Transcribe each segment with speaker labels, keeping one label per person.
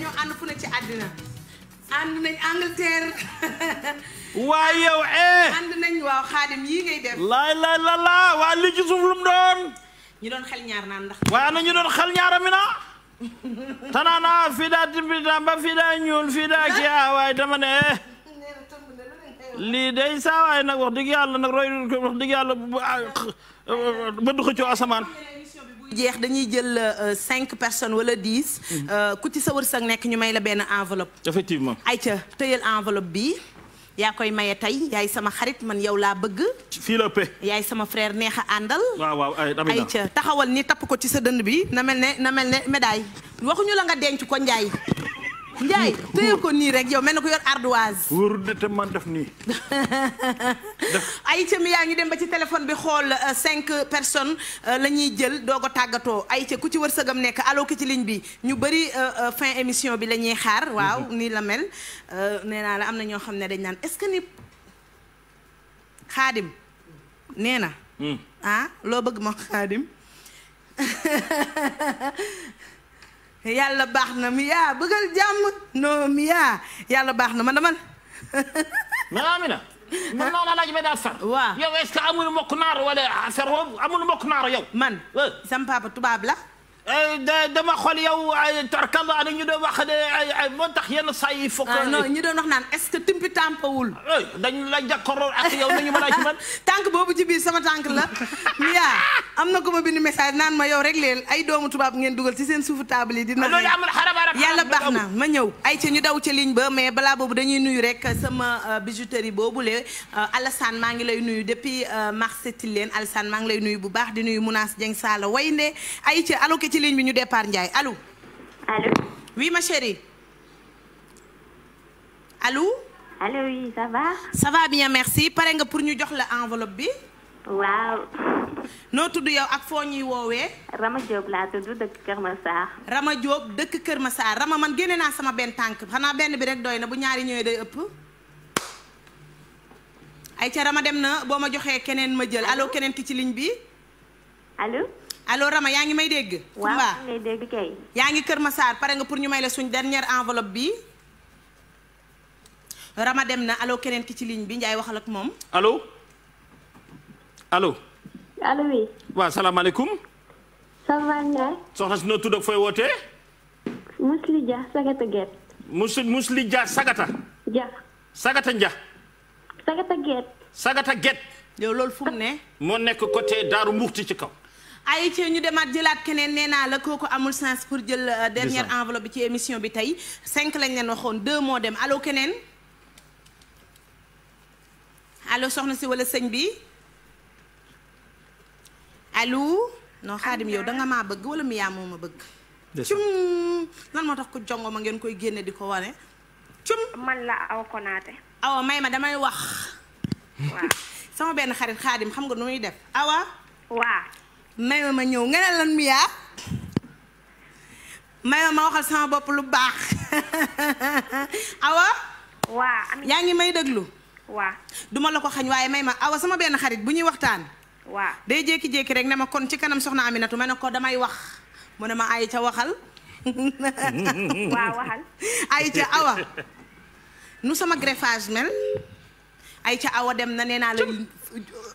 Speaker 1: dañoo ànd fu ne ci àddina ànd nañ Angleterre. waa yow eh. ànd nañ waaw xaadim yii ci suuf lu waaye ana ñu xel ñaar mi tanaana fii daa timbita ba fii daa ñuul fii waaye dama ne. Eh! lii day saa waay nag wax dëgg yàlla nag roy yàlla bu ah, ba du asamaan. jeex dañuy jël euh, cinq personnes wala dix. Mhm. Euh, ku ci sa sax nekk ñu may la benn enveloppe. ay ca tëyal enveloppe bi. yaa koy maye tey yaay sama xarit man yow laa bëgg. fii yaay sama frère neex a àndal. waaw taxawal ni tapp ko ci sa dënn bi na mel ne na mel ne médaille. waxuñu la nga denc ko Ndiaye. Ndiaye téyel ko nii rek yow mel na ko yor ardoise. wóorul de te man def nii. ay ca mi yaa ngi dem ba ci téléphone bi xool euh, cinq personnes euh, la ñuy jël doog a tàggatoo ay ca ku ci wërsëgam nekk allo ki ci ligne bi ñu bëri euh, fin émission bi lañuy xaar. Mhm. waaw nii la mel nee naa la am na ñoo xam ne dañ naan est-ce que ni xaadim nee mm. ah loo bëgg ma xaadim. yàlla baax na Mia bëggal jàmm no Mia yàlla baax na man dama. mais Amina. man noonu laaj ma daal sar. waaw yow est-ce que amul mbokk naar wala ah, sar amul mbokk naar yow. man sam papa tubaab la. Eh, dama xool yow tarkalla ana ñu doon wax ne moo tax yenn saa yi foog. Ah, non ñu doon wax naan est-ce que timpi tàmpawul. Eh, dañu la jàkkaarloo ak yow nañu mën a ci tànk boobu ci biir sama tànk la. miyaa am na ko ma bind message naan ma yow rek leen ay doomu tubaab ngeen dugal ci seen suufu table yi. dina ah, loolu amul xarabara yàlla baax na ma ñëw. ay ñu daw ca ligne ba mais balaa boobu dañuy nuyu rek sama euh, bijouterie boobu le euh, Alassane maa ngi lay nuyu depuis euh, Marseille leen Alassane maa ngi lay nuyu bu baax di nuyu Mounas Dieng Sala Waynde ci ligne bi ñu départ Ndiaye allo. allo. oui ma chérie. allo. allo oui ça va. ça va merci pare nga pour ñu jox la envelop bi. waaw. noo tudd yow ak foo ñuy woowee. Rama Diop dëkk Kër Massar. Rama Diop Rama man génne naa sama benn tànk xanaa benn bi rek doy na bu ñaari ñëwee day ëpp. ay ca Rama dem na boo ma joxee keneen ma jël allo keneen ki ci ligne bi. allo. alo Rama yaa ngi may dégg. waaw yaa ngi may dégg kay. Kër Massar pare nga pour ñu may la suñ dernière enveloppe bi Rama dem na alo keneen ki ci ligne bi njaay waxal ak moom. alo alo alo oui. waaw salaamaaleykum. ça soxna si noo tudd ak fooy wootee. Mousli Dia Sagata Guèye. Mousli Mousli Dia Sagata. Dia. Sagata Dia. Sagata Guèye. yow loolu fu ne. moo nekk côté Daaru Mbuxti ci kaw. ay ñu demaat jëlaat keneen nee naa la kooku amul sens pour jël euh, dernière enveloppe bi ci émission bi tey cinq lañ leen waxoon deux moo dem aloo keneen allo soxna si walla sëñ bi allo non xaadim yow danga maa bëgg walla mu yaa moo ma bëgg cum lan moo tax ko jongo ngeen koy génne di ko wane cum man la aw konaate awa may ma damay wax waaw sama benn xarit xaadim xam nga nu muy def awa waa may ma ma ñëw nga ne lan Mia may ma ma waxal sama bopp lu baax awa yaa ngi may déglu waa duma la ko xañ waaye may ma awa sama benn xarit bu ñuy waxtaan waa day jékki-jékki rek ne ma kon ci kanam soxna Aminatu ma ne ko damay wax mu ne ma ay ca waxal waa waxal ay ca awa nu sama greffage mel ay ca awa dem na nee naa la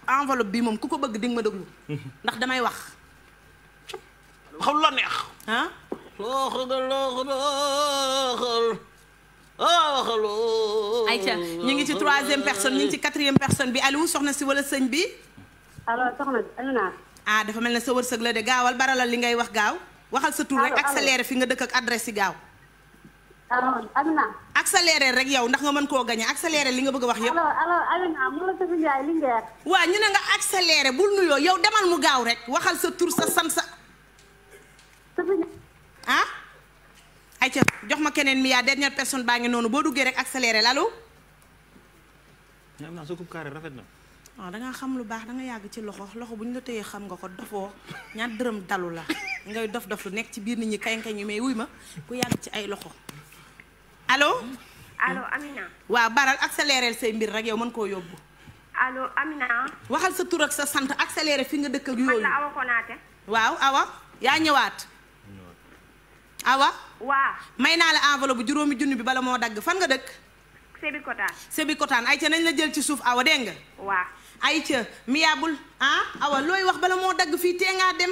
Speaker 1: enveloppe bi moom ku ko bëgg di ma déglu. ndax damay wax. waxal la neex. ah. ayca ñu ngi ci troisième personne ñu ngi ci quatrième personne bi Aliou soxna si wala sëñ bi. alors soxna Aliouna. ah dafa mel ne sa wërsëg la de gaawal baralal li ngay wax gaaw. waxal sa tur rek ak sa leer fi nga dëkk ak adresse yi gaaw. Amina. accéléré rek yow ndax nga mën koo gagné accéléré li nga bëgg wax yëpp. alors alors Amina mu la Sophie Ndiaye Linguère. waaw ñu ne nga accéléré bul nuyoo yow demal mu gaaw rek waxal sa tur sa san sa. Sophie. ah. ayca jox ma keneen mi yaa dernière personne baa ngi noonu boo duggee rek accéléré la allo. yaa am rafet na. waaw da xam lu baax da yàgg ci loxo loxo bu ñu la téyee xam nga ko dofoo ñaar dërëm dalu la ngay dof dof lu nekk ci biir nit ñi kañ kañ yi mais wuy ma ku yàgg ci ay loxo. allo. allo Amina. waaw baral accéléré say mbir rek yow mën koo yóbbu. allo Amina. waxal sa tur sa sant accéléré fi nga dëkk ak yooyu. waaw Awa yaa ñëwaat. awa. waaw may naa la enveloppe bu juróomi junni bi bala moo dagg fan nga dëkk. Sébikotaan. Sébikotaan ayca nañ la jël ci suuf awa dégg nga. waaw ayca ah awa looy wax bala moo dagg fii tee ngaa dem.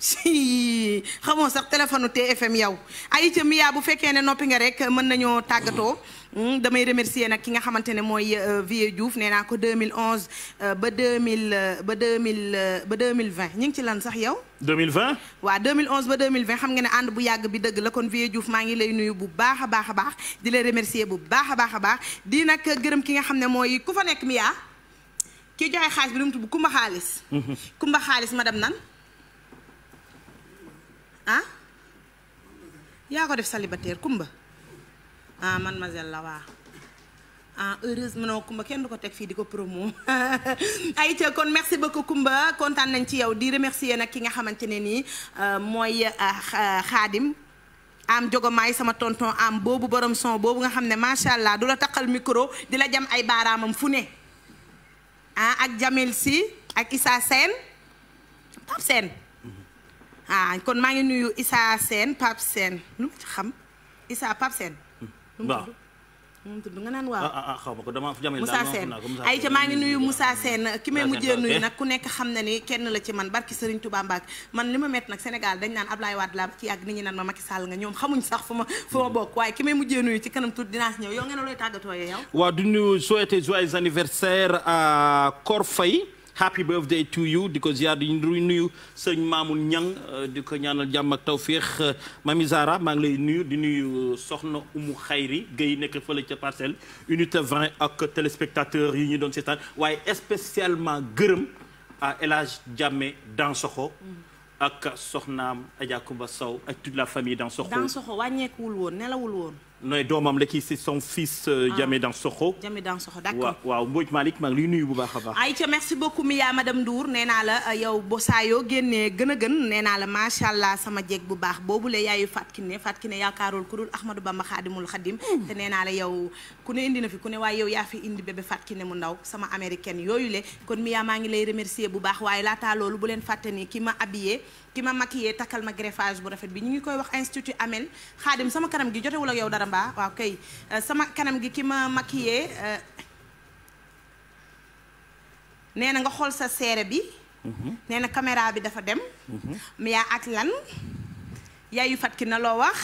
Speaker 1: si xamoo sax téléphone TFM yow ay ca miyaa bu fekkee ne noppi nga rek mën nañoo tàggatoo hmm, damay remercier nag ki nga xamante ne mooy euh, Vieux Diouf nee naa ko 2011 euh, ba 2000 euh, ba 2000 ba 2020 ñu ngi ci lan sax yow. 2020. waaw 2011 ba 2020 xam nga ne ànd bu yàgg bi dëgg la kon Vieux Diouf maa ngi lay nuyu bu baax a baax a baax di la remercier bu baax a baax a baax di nag gërëm ki nga xam ne mooy ku fa nekk miyaa ki joxe xaalis bi nu mu tudd Kumba Xaalis. Mm-hmm. Kumba Xaalis madame nan. ah yaa ko def célibataire kumba ah ma la waa ah heureuse mënoo Kumba kenn du ko teg fii di ko promo ayca kon merci beaucoup Kumba kontaan nañ ci yow di remercier nag ki nga xamante ne nii euh, mooy xaadim euh, am jogomaay sama tonton am boobu borom son boobu nga xam ne macha allah du la taqal micro di la jam ay baaraamam fu ne ah ak Jamil si ak Issa Sène Pape Sène ah kon maa ngi nuyu Issa seen Pape seen lu ma ci xam Issa Pape Sène. waaw nu mu tudd nga naan waaw. Ah, ah, ah, xaw ma ko dama ay ca maa ngi nuyu Moussa seen ki may mujjee nuyu nag ku nekk xam na ni kenn la ci man barki Serigne Touba Mbacke man li ma mett nag Sénégal dañ naan Ablaye waat laa ci yàgg nit ñi naan ma Macky Sall nga ñoom xamuñ sax fu ma fu ma bokk waaye ki may mujjee nuyu ci kanam tuuti dinaa si ñëw yow na looy tàggatoo yow. waa du ñu souhaiter joyeux anniversaire à Kor Faye happy birthday to you di ko ziar di nuyu sëñ Mamoul Niang euh, di ko ñaanal jàmm ak tawféex euh, Mami maa ngi lay nuyu di nuyu euh, soxna Umu Xayri Guèye nekk ca parcelle unité 20 ak téléspectateur yi ñu doon seetaan waaye spécialement gërëm à El Hadj Diamé Dansokho ak soxnaam Adja Kumba Sow ak toute la famille Dansokho. wàññeekuwul woon nelawul woon. nooy doomam la kii son fils. Euh, ah. Diamé Dansokho Diamé Dansokho d'accord waaw waaw Mbodj Malick maa ngi lay nuyu bu baax a baax. ayca merci beaucoup Mia madame Ndour euh, yow boo saa yoo génnee gën gën naa la macha allah sama jeeg bu baax boobu la yaayu Fatou Kiné Fatou Kiné yaakaarool ku dul Ahmadou Bamba Khadimul Khadim. Mm. te nee naa la yow ku ne indi na fi ku ne waaye yow indi be ba bébé Fatou Kiné mu ndaw sama américaine yooyu le kon Mia maa ngi lay remercier bu baax waaye laataa loolu bu leen fàtte ni ki ma habillé ki ma maquillé takkal ma greffage bu rafet bi ñu ngi koy wax institut Amel Khadim sama kanam gi jotewul ak yow dara Samba waaw kay euh, sama kanam gi ki ma maquillé euh, nee na nga xool sa seere bi mhm. nee na caméra bi dafa dem mu mhm. yaa ak lan yaayu fat na loo wax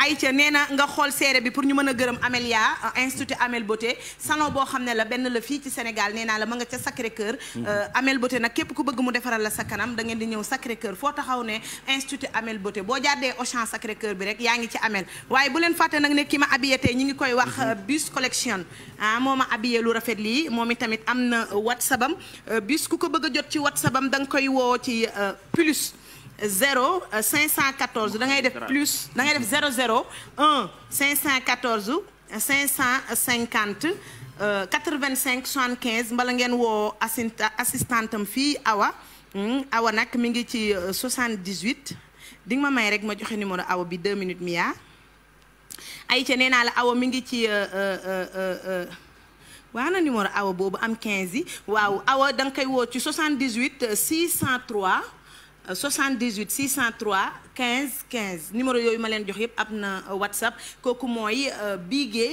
Speaker 1: Aïcha nee na nga xool seere bi pour ñu mën a gërëm Amélia euh, institut Amel Beauté salon boo xam ne la benn la fii ci Sénégal nee naa la ma nga ca Sacré Cœur mhm. euh, Amel Beauté nag képp ku bëgg mu defaral la sa kanam da ngeen di ñëw Sacré Cœur foo taxaw ne institut Amel Beauté boo jàddee Auchan Sacré Cœur bi rek yaa ngi ci Amel waaye bu leen fàtte nag ne ki ma habillé tey ñi ngi koy wax mhm. euh, bus collection ah moo ma habillé lu rafet lii moom itamit am na WhatsApp am bus ku ko bëgg a jot ci WhatsApp am da nga koy woo ci plus 0 514 euh, da ngay def plus da ngay def 00 1 514 550 85 75 mbala ngeen woo assista assistante am fii Awa hmm, nag mi ngi ci 78 euh, di nga ma may rek ma joxe numéro Awa bi 2 minutes mi yaa ayca nee naa la Awa mi ngi ci. Euh, waa na numéro Awa boobu am 15 yi waaw Awa da nga koy woo ci 78 603. 78 603 15 15 numéro yooyu ma leen jox yëpp am na euh, WhatsApp kooku mooy euh, Bigué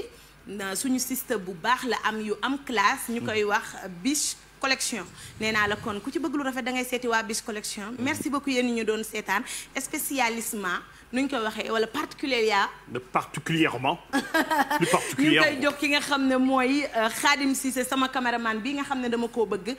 Speaker 1: suñu système bu baax la am yu am classe. ñu koy mm. wax euh, biche collection. nee naa la kon ku ci bëgg lu rafet da ngay seeti waa biche collection. Mm. merci beaucoup yéen ñu doon seetaan spécialisme. nu ñu koy waxee wala particulier yaa. particulièrement. plus particulièrement ñu koy jox ki nga xam ne mooy Khadim si sama caméraman bi nga xam ne dama koo bëgg.